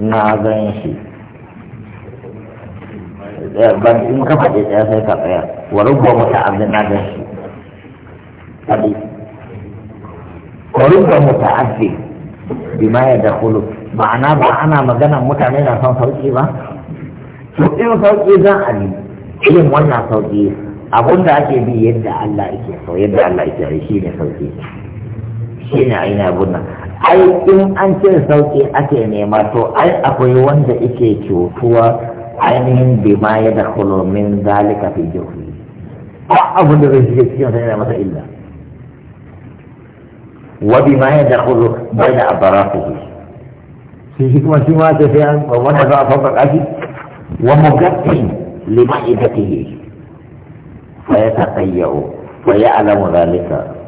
na zan shi ban in ka faɗi ɗaya sai ka tsaya wa rubba mutu abin na zan shi faɗi wa rubba mutu bi ma ya da hulu ma'ana ba ana magana mutane na son sauƙi ba to in sauƙi za a yi irin wannan sauƙi abinda ake bi yadda Allah yake so yadda Allah yake yi shi ne sauƙi shi ne ainihin abun ai in an ce sauki ake nema to ai akwai wanda ike cutuwa ainihin bi ma ya da min zalika fi jufi ba abin da zai shiga cikin sai masa illa wa bi ma ya da kulo bai da abarafuhu shi shi kuma shi ma ta sai an wanda za a sauka kashi wa mugattin lima'idatihi fa ya taƙayyau fa ya alamu zalika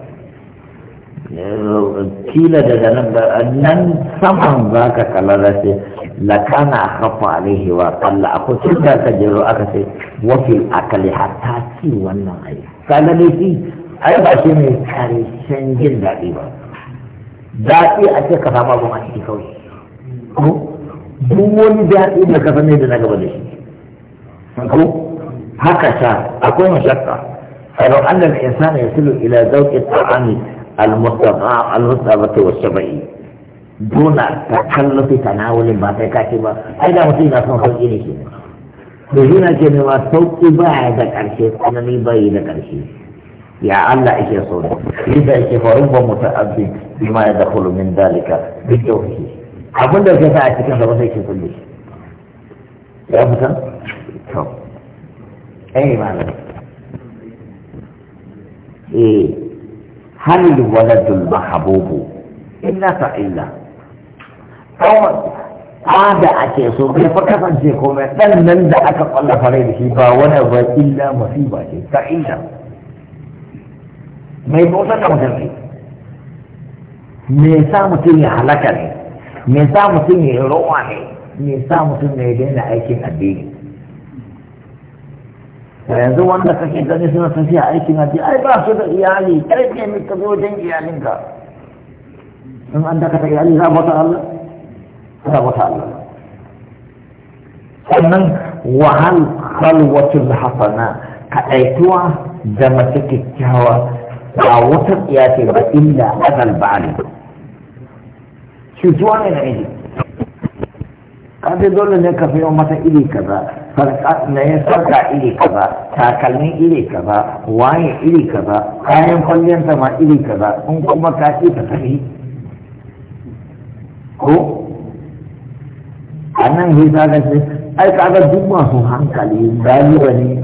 kila daga nan da nan saman za ka kalla da ce la kana khafa alaihi wa qalla ako sun da ka jiro aka ce wa fil akali hatta ci wannan ai kana ne ci ai ba shi ne karshen jin daɗi ba daɗi a ce ka samu abin a ciki kawai ko duk wani daɗi da ka sani da na gaba da shi ko haka sha akwai mashakka فلو أن الإنسان يصل إلى ذوق الطعام almustafa wa shaba'i dona ka kallon fi tanawulin ba sai kake ba ai da mutum na son sauki ne ke da zina ke ne ma sauki ba ya da karshe tsanani ba yi da karshe ya Allah ake so ne shi da yake faru ba mutum abin ni ma ya da kulumin dalika duk da wuce abin da ke sa a cikin sa wasa yake kulle ya fita to ai ma ne eh hal waladul mahabubu illa fa'ila ada ake so bai fa kasance komai dan nan da aka kwallafa rai da shi ba wani ba illa musiba ce fa'ila mai bautar da mutum ne me sa mutum ya halaka ne sa mutum ya me sa mutum ya daina aikin addini yanzu wanda kake gani suna tafiya aikin haji ai ba su da iyali kai ne mai ka zo iyalinka in an dakata iyali za bauta Allah za bauta Allah sannan wahal khalwatul hasana kadaituwa da mace kyakkyawa ba wata tsiya ce ba illa azal ba'ali cutuwa ne na miji ka dole ne ka fi mata iri kaza na sarka iri kaza takalmin iri kaza waye iri kaza kayan kwallon ma iri kaza in kuma ka ce ta tafi ko a nan zai zaga ce ai kaga duk masu hankali ba ne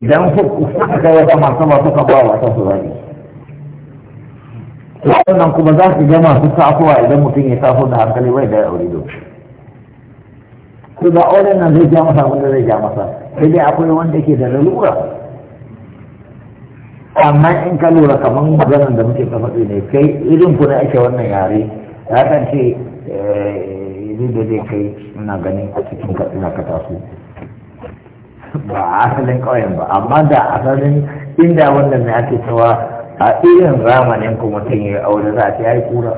idan suka kai wata masu masu ka ba wata su Ko wannan kuma za su gama masu tafowa idan mutum ya taso da hankali bai da ya aure doki shi ba auren nan zai ja masa wanda zai ja masa sai dai akwai wanda ke da lalura amma in ka lura kamar maganar da muke kafaɗi ne kai irin kuna ake wannan yare ya kan ce eh, irin da zai kai ina ganin a cikin katsina ka taso ba a asalin ƙauyen ba amma da asalin inda wannan ne ake cewa a irin zamanin kuma ta yi aure za a ce ya yi kura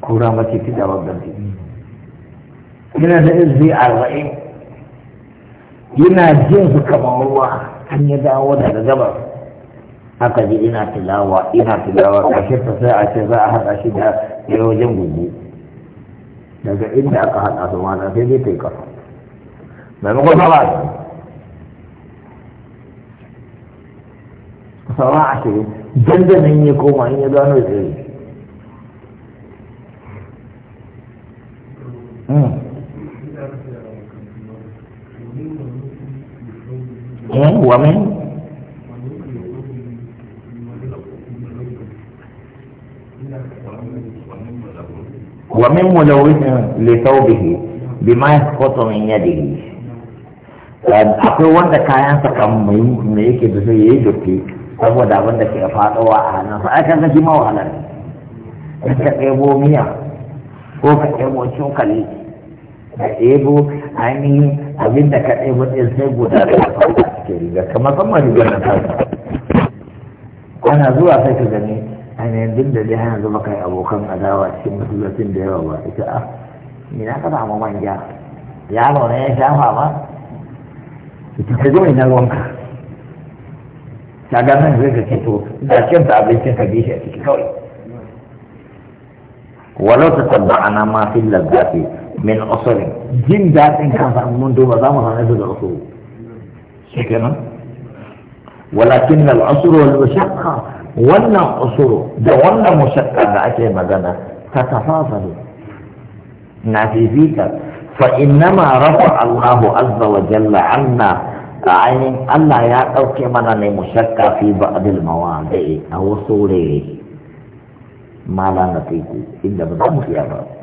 kura mace fi da babban ina da izbi arba'in yana jin su kamar ruwa an ya dawo daga gabas aka ji ina tilawa ina tilawa kashe ta sai a ce za a haɗa shi da ya wajen gugu daga inda aka haɗa su ma sai dai ta yi kafa maimakon saba sauran ashirin dandamin ya koma in ya gano tsiri ومن ومن ملوث لثوبه بما يسقط من يده akwai wanda kayan sa kan mai me yake da sai yayi dotti saboda abin ke fadowa a hannun sa aka saki ma wahala ka ɗebo miya ko ka ɗebo cokali ka ɗebo ainihin abin da ka ɗaya matsayin sai guda da kafa a cikin riga kamar san ma rigar da ana zuwa sai ka gani ainihin duk da dai hana zuba kai abokan adawa cikin masallacin da yawa ba ita a ah, ina ka samu manja yaro ne ya shafa ba ita ka zo ina ruwanka ta ga nan zai ka ce to da kyan ta abincin ka bi shi a ciki kawai walau ta tabba ana ma fi laggafi من أصله جن ذات إن كان فهمون دوما ذا مهان إذن العصور شكرا ولكن العصر والمشقة ولا عصر ده ولا مشقة أكي مدنة تتفاصل نعطي فيك فإنما رفع الله عز وجل عنا عين يعني الله يا أوكي من المشقة في بعض المواضيع أو صوره ما لا نتيجة إلا بضم خيارات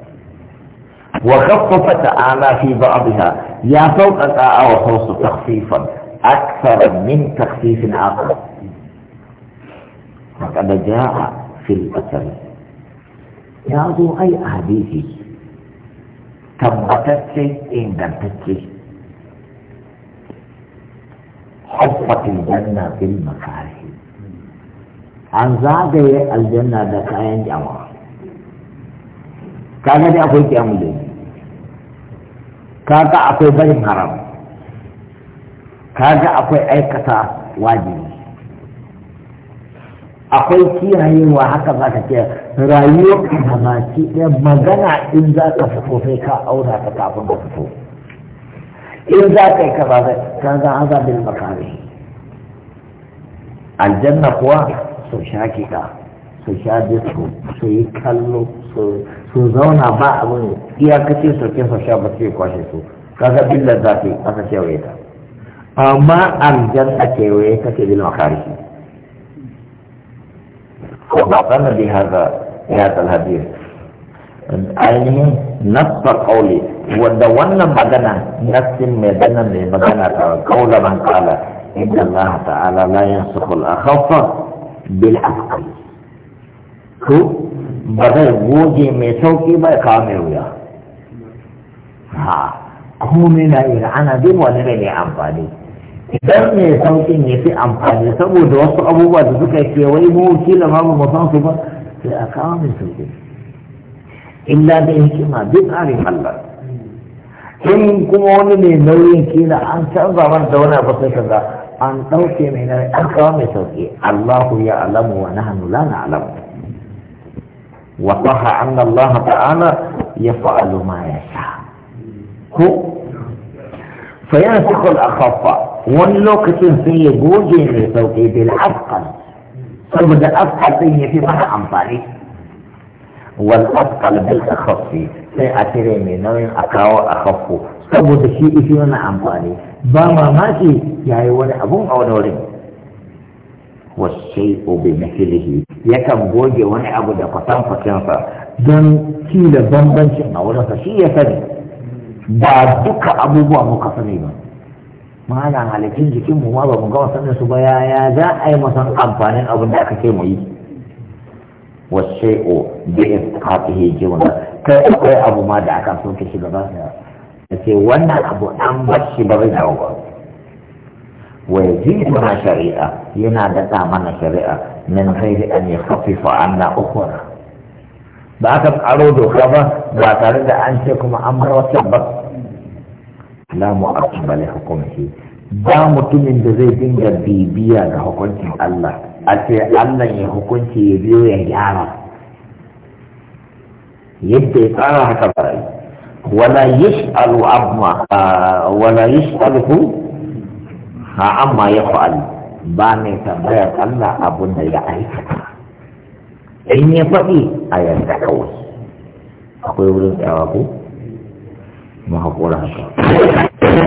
وخففت على في بعضها يا فوق وخوص تخفيفا أكثر من تخفيف آخر فقد جاء في الأثر يعظوا أي أحاديث تبتت إن تتلي حفت الجنة بالمكاره عن زاده الجنه da kayan كان هذا dai akwai kiyamun kaga akwai barin haram kaga akwai aikata wajibi akwai kiyayewa haka za ka ce rayuwar da baki ɗaya magana in za ka fito sai ka auna ka kafin ka fito in za ka yi ba zai ka za a bin makare aljanna kuwa sau sha ka sau sha disko su yi kallo su سوزونا باهوي يا كتير سو كيف شاب كتير قاسي سو كذا بيلا ذاتي هذا شيء هذا أما أنجز أكوي كتير دينو خارجي فنظرنا بهذا هذا الحديث علمي نص قولي ودونا مدنا نص مدنا مدنا قول من قال إن الله تعالى لا ينصح الأخف بالعقل هو ba zai goge mai sauki ba ya kawo mai wuya ha komai na iya ana duk wani rai mai amfani idan mai saukin ya fi amfani saboda wasu abubuwa da suka kewaye mu kila babu mu san su ba sai a kawo mai sauki illa da hikima duk tsarin Allah in kuma wani mai nauyin kila an canza man da wani abu sai kaga an ɗauke mai nauyi an kawo mai sauki Allahu ya alamu wa nahnu وصح أن الله تعالى يفعل ما يشاء هو فينسخ الأخف واللوكة في بوجه لتوكيد بالأثقل فبدا الأثقل فيه في معنى أمطاري والأثقل بالأخف sai a cire mai nauyin a kawo a kafo saboda shi ishi wani amfani ba mamaki ya yi wani abun a wani wurin wasai obe na kilihi ya kan goge wani abu da kwasan fasinsa don da bambancin a wurinsa shi ya sani ba duka abubuwa muka sani ba mana halittun jikin mu ma bamu mu gama sanin su ba ya ya za a yi masan amfanin abunda aka ce mu yi wasai o bi'in kafihi jimuna ta akwai abu ma da aka soke shi gaba da ya ce wannan abu an bashi ba zai dawo ba ويجيب شريعه ينادى تامان شريئة من غير أن يخفف عنا أخرى بعد العروض خبر لا ترد أن تكون أمر وسبب لا مؤقب لحكمه دا مطمئن من ذي دين جبيبية لحكمة الله أتي الله يحكم في يبيو يجارة يبدي قرار ولا يسأل عظمه آه، ولا يسأله ha amma ya fa'al ba mai tambayar Allah abun da ya aikata in ya faɗi a yarda kawai akwai wurin tsawa ko mu haƙura haka